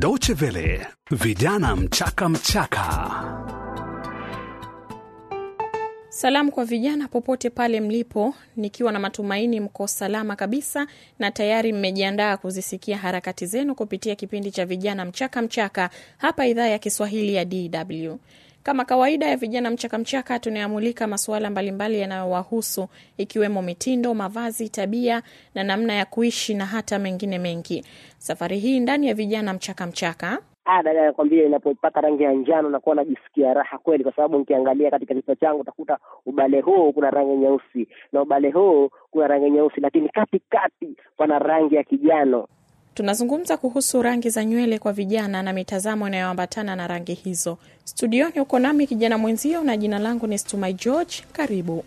Deutsche Welle, vijana mchaka mchaka. Salamu kwa vijana popote pale mlipo, nikiwa na matumaini mko salama kabisa na tayari mmejiandaa kuzisikia harakati zenu kupitia kipindi cha vijana mchaka mchaka hapa idhaa ya Kiswahili ya DW. Kama kawaida ya vijana mchakamchaka, tunayamulika masuala mbalimbali yanayowahusu ikiwemo mitindo, mavazi, tabia na namna ya kuishi na hata mengine mengi. Safari hii ndani ya vijana mchakamchaka ah, dada, nakwambia inapopaka rangi ya njano nakuwa najisikia raha kweli, kwa sababu nikiangalia katika kichwa changu utakuta ubale huu kuna rangi nyeusi na ubale huu kuna rangi nyeusi, lakini katikati pana rangi ya kijano. Tunazungumza kuhusu rangi za nywele kwa vijana na mitazamo inayoambatana na rangi hizo. Studioni uko nami kijana mwenzio, na jina langu ni Stumai George. Karibu.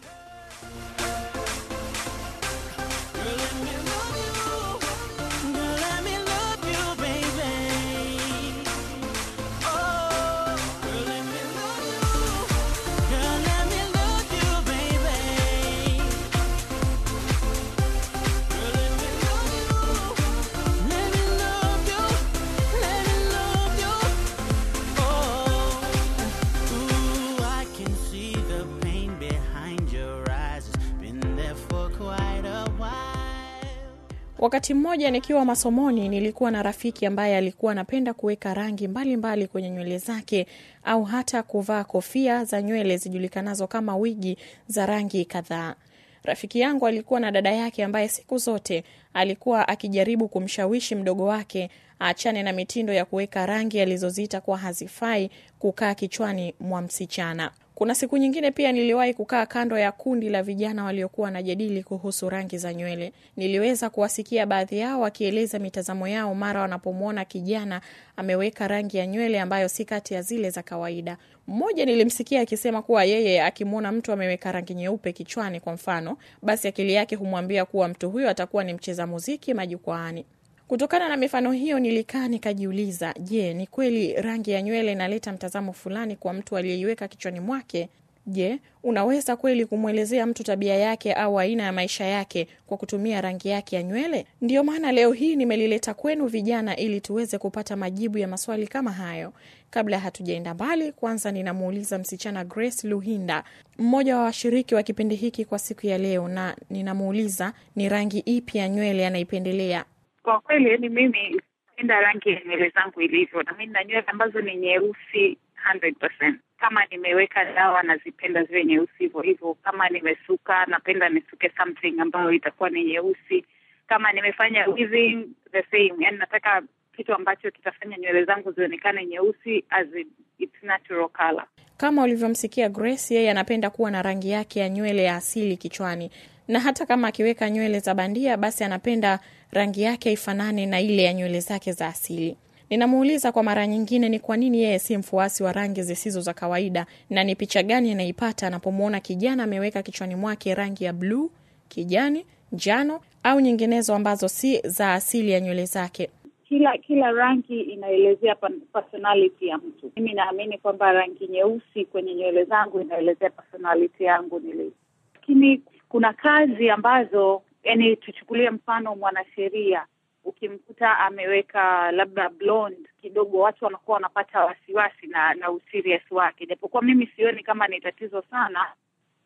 Wakati mmoja nikiwa masomoni, nilikuwa na rafiki ambaye alikuwa anapenda kuweka rangi mbalimbali mbali kwenye nywele zake au hata kuvaa kofia za nywele zijulikanazo kama wigi za rangi kadhaa. Rafiki yangu alikuwa na dada yake ambaye siku zote alikuwa akijaribu kumshawishi mdogo wake aachane na mitindo ya kuweka rangi alizoziita kuwa hazifai kukaa kichwani mwa msichana. Kuna siku nyingine pia niliwahi kukaa kando ya kundi la vijana waliokuwa wanajadili kuhusu rangi za nywele. Niliweza kuwasikia baadhi yao wakieleza mitazamo yao mara wanapomwona kijana ameweka rangi ya nywele ambayo si kati ya zile za kawaida. Mmoja nilimsikia akisema kuwa yeye akimwona mtu ameweka rangi nyeupe kichwani, kwa mfano, basi akili yake humwambia kuwa mtu huyo atakuwa ni mcheza muziki majukwaani. Kutokana na mifano hiyo, nilikaa nikajiuliza, je, ni kweli rangi ya nywele inaleta mtazamo fulani kwa mtu aliyeiweka kichwani mwake? Je, unaweza kweli kumwelezea mtu tabia yake au aina ya maisha yake kwa kutumia rangi yake ya nywele? Ndiyo maana leo hii nimelileta kwenu vijana, ili tuweze kupata majibu ya maswali kama hayo. Kabla hatujaenda mbali, kwanza ninamuuliza msichana Grace Luhinda, mmoja wa washiriki wa kipindi hiki kwa siku ya leo, na ninamuuliza ni rangi ipi ya nywele anaipendelea. Kwa kweli, yani mimi penda rangi ya nywele zangu ilivyo, na mimi nina nywele ambazo ni nyeusi 100%. Kama nimeweka dawa nazipenda ziwe nyeusi hivyo hivyo. Kama nimesuka napenda nisuke something ambayo itakuwa ni nyeusi. Kama nimefanya weaving the same, yani nataka kitu ambacho kitafanya nywele zangu zionekane nyeusi as in its natural color. Kama ulivyomsikia Grace, yeye anapenda kuwa na rangi yake ya nywele ya asili kichwani na hata kama akiweka nywele za bandia, basi anapenda rangi yake ifanane na ile ya nywele zake za asili. Ninamuuliza kwa mara nyingine ni kwa nini yeye si mfuasi wa rangi zisizo za kawaida na ni picha gani anaipata anapomwona kijana ameweka kichwani mwake rangi ya bluu, kijani, njano au nyinginezo ambazo si za asili ya nywele zake. Kila kila rangi inaelezea personality ya mtu. Mimi naamini kwamba rangi nyeusi kwenye nywele zangu inaelezea personality yangu nilivyo, lakini kuna kazi ambazo, yani tuchukulie mfano mwanasheria, ukimkuta ameweka labda blonde kidogo, watu wanakuwa wanapata wasiwasi na na userious wake, japokuwa mimi sioni kama ni tatizo sana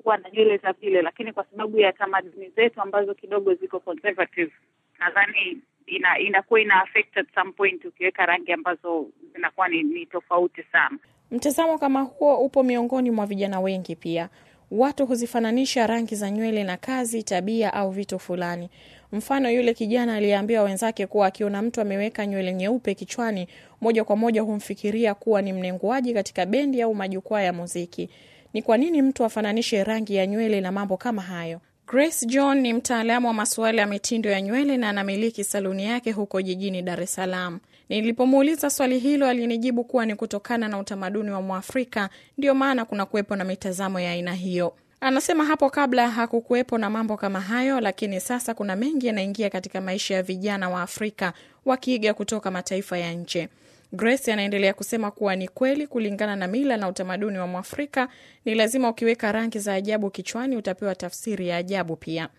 kuwa na nywele za vile, lakini kwa sababu ya tamaduni zetu ambazo kidogo ziko conservative, nadhani ina inakuwa ina affect at some point ukiweka rangi ambazo zinakuwa ni, ni tofauti sana. Mtazamo kama huo upo miongoni mwa vijana wengi pia. Watu huzifananisha rangi za nywele na kazi, tabia au vitu fulani. Mfano, yule kijana aliyeambiwa wenzake kuwa akiona mtu ameweka nywele nyeupe kichwani, moja kwa moja humfikiria kuwa ni mnenguaji katika bendi au majukwaa ya muziki. Ni kwa nini mtu afananishe rangi ya nywele na mambo kama hayo? Grace John ni mtaalamu wa masuala ya mitindo ya nywele na anamiliki saluni yake huko jijini Dar es Salaam. Nilipomuuliza swali hilo, alinijibu kuwa ni kutokana na utamaduni wa Mwafrika, ndiyo maana kuna kuwepo na mitazamo ya aina hiyo. Anasema hapo kabla hakukuwepo na mambo kama hayo, lakini sasa kuna mengi yanaingia katika maisha ya vijana wa Afrika wakiiga kutoka mataifa ya nje. Grace anaendelea kusema kuwa ni kweli, kulingana na mila na utamaduni wa Mwafrika, ni lazima ukiweka rangi za ajabu kichwani utapewa tafsiri ya ajabu pia.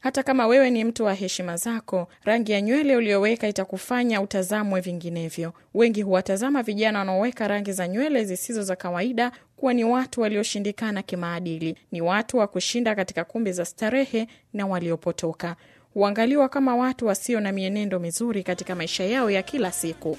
Hata kama wewe ni mtu wa heshima zako, rangi ya nywele ulioweka itakufanya utazamwe vinginevyo. Wengi huwatazama vijana wanaoweka rangi za nywele zisizo za kawaida kuwa ni watu walioshindikana kimaadili, ni watu wa kushinda katika kumbi za starehe na waliopotoka. Huangaliwa kama watu wasio na mienendo mizuri katika maisha yao ya kila siku.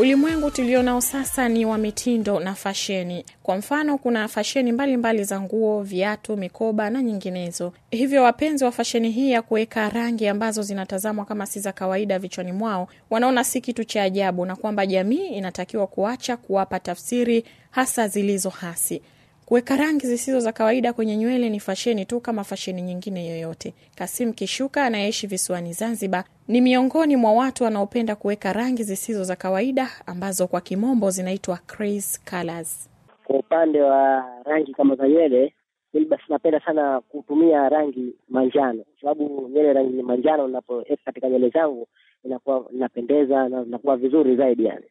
Ulimwengu tulionao sasa ni wa mitindo na fasheni. Kwa mfano, kuna fasheni mbalimbali za nguo, viatu, mikoba na nyinginezo. Hivyo wapenzi wa fasheni hii ya kuweka rangi ambazo zinatazamwa kama si za kawaida vichwani mwao wanaona si kitu cha ajabu, na kwamba jamii inatakiwa kuacha kuwapa tafsiri hasa zilizo hasi. Kuweka rangi zisizo za kawaida kwenye nywele ni fasheni tu kama fasheni nyingine yoyote. Kasim Kishuka anayeishi visiwani Zanzibar ni miongoni mwa watu wanaopenda kuweka rangi zisizo za kawaida ambazo kwa kimombo zinaitwa crazy colors. Kwa upande wa rangi kama za nywele, mimi basi napenda sana kutumia rangi manjano, kwa sababu nywele rangi manjano ninapoweka katika nywele zangu inakuwa inapendeza na inakuwa vizuri zaidi yani.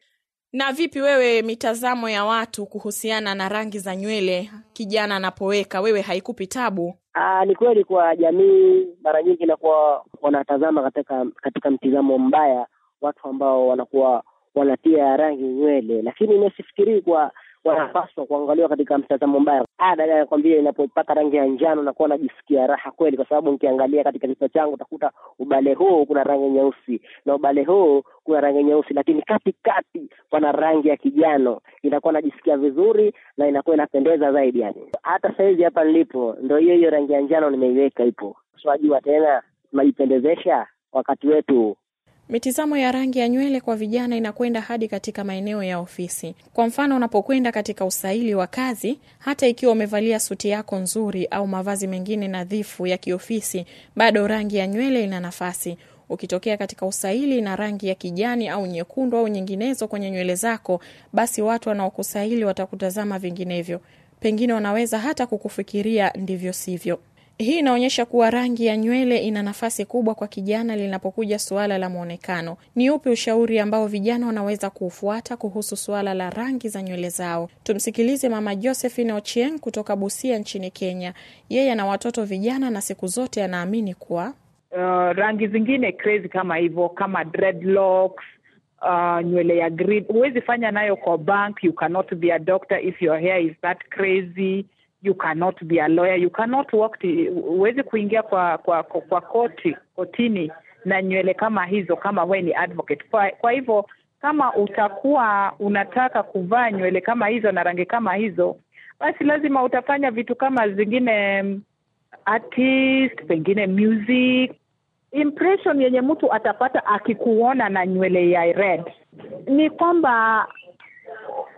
Na vipi wewe, mitazamo ya watu kuhusiana na rangi za nywele kijana anapoweka, wewe haikupi tabu? Aa, ah, ni kweli kwa jamii mara nyingi inakuwa wanatazama katika katika mtizamo mbaya watu ambao wanakuwa wanatia rangi nywele, lakini mimi kwa wanapaswa kuangaliwa katika mtazamo mbaya. Ah, Ada nakwambia, inapopaka rangi ya njano nakuwa najisikia raha kweli, kwa sababu nikiangalia katika kichwa changu utakuta ubale huu kuna rangi nyeusi na ubale huu kuna rangi nyeusi, lakini katikati pana rangi ya kijano, inakuwa najisikia vizuri na inakuwa inapendeza zaidi. Yani hata sahizi hapa nilipo, ndo hiyo hiyo rangi ya njano nimeiweka, ipo swajua tena, tunajipendezesha wakati wetu Mitizamo ya rangi ya nywele kwa vijana inakwenda hadi katika maeneo ya ofisi. Kwa mfano, unapokwenda katika usaili wa kazi, hata ikiwa umevalia suti yako nzuri au mavazi mengine nadhifu ya kiofisi, bado rangi ya nywele ina nafasi. Ukitokea katika usaili na rangi ya kijani au nyekundu au nyinginezo kwenye nywele zako, basi watu wanaokusaili watakutazama vinginevyo, pengine wanaweza hata kukufikiria ndivyo sivyo. Hii inaonyesha kuwa rangi ya nywele ina nafasi kubwa kwa kijana linapokuja suala la mwonekano. Ni upi ushauri ambao vijana wanaweza kuufuata kuhusu suala la rangi za nywele zao? Tumsikilize Mama Josephine Ochieng kutoka Busia nchini Kenya. Yeye ana watoto vijana na siku zote anaamini kuwa uh, rangi zingine crazy kama hivyo kama dreadlocks, uh, nywele ya green huwezi fanya nayo kwa bank. You cannot be a doctor if your hair is that crazy you cannot be a lawyer you cannot walk huwezi kuingia kwa kwa kwa, kwa koti kotini na nywele kama hizo kama wewe ni advocate kwa, kwa hivyo kama utakuwa unataka kuvaa nywele kama hizo na rangi kama hizo basi lazima utafanya vitu kama zingine mm, artist pengine music impression yenye mtu atapata akikuona na nywele ya red ni kwamba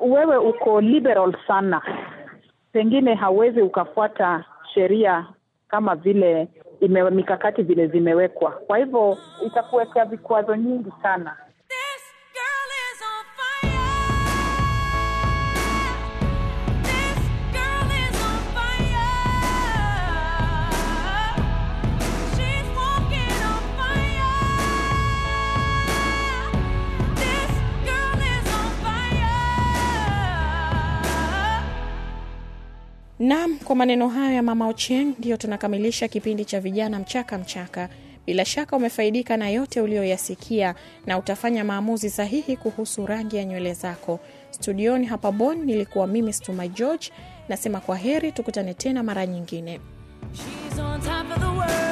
wewe uko liberal sana pengine hauwezi ukafuata sheria kama vile ime, mikakati vile zimewekwa. Kwa hivyo itakuwekea vikwazo nyingi sana nam kwa maneno hayo ya mama Ochieng ndiyo tunakamilisha kipindi cha vijana mchaka mchaka. Bila shaka umefaidika na yote uliyoyasikia na utafanya maamuzi sahihi kuhusu rangi ya nywele zako. Studioni hapa bon nilikuwa mimi Stuma George, nasema kwa heri, tukutane tena mara nyingine. She's on top of the world.